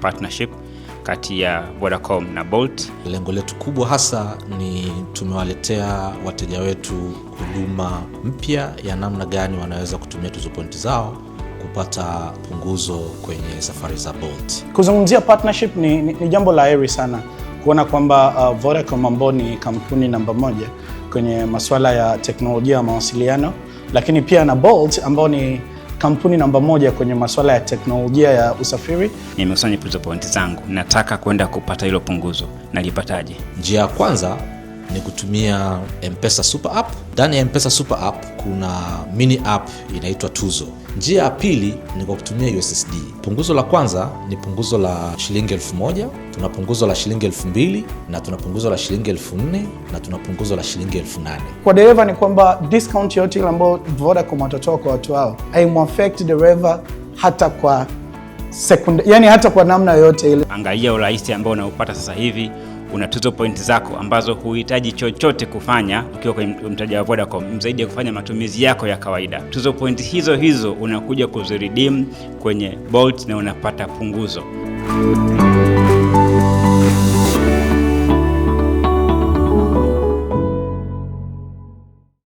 partnership kati ya Vodacom na Bolt. Lengo letu kubwa hasa ni tumewaletea wateja wetu huduma mpya ya namna gani wanaweza kutumia tuzo pointi zao kupata punguzo kwenye safari za Bolt. Kuzungumzia partnership ni, ni, ni jambo la heri sana kuona kwamba uh, Vodacom ambao ni kampuni namba moja kwenye masuala ya teknolojia ya mawasiliano, lakini pia na Bolt ambao ni kampuni namba moja kwenye masuala ya teknolojia ya usafiri. Nimekusanya punto zangu, nataka kwenda kupata hilo punguzo, nalipataje? Njia ya kwanza ni kutumia Mpesa Super App. Ndani ya Mpesa Super App kuna mini app inaitwa Tuzo. Njia ya pili ni kwa kutumia USSD. Punguzo la kwanza ni punguzo la shilingi elfu moja tuna punguzo la shilingi elfu mbili na tuna punguzo la shilingi elfu nne na tuna punguzo la shilingi elfu nane Kwa dereva ni kwamba discount yote ile ambayo Vodacom watatoa kwa watu hao haimuaffect dereva hata kwa sekunde, yani hata kwa namna yoyote ile. Angalia urahisi ambao unaopata sasa hivi una tuzo pointi zako ambazo huhitaji chochote kufanya ukiwa kwenye mtaja wa Vodacom zaidi ya kufanya matumizi yako ya kawaida. Tuzo pointi hizo hizo unakuja kuziredeem kwenye Bolt na unapata punguzo.